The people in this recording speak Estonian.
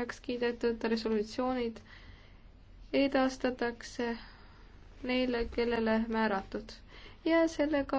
heaks kiidetud resolutsioonid edastatakse neile, kellele määratud ja sellega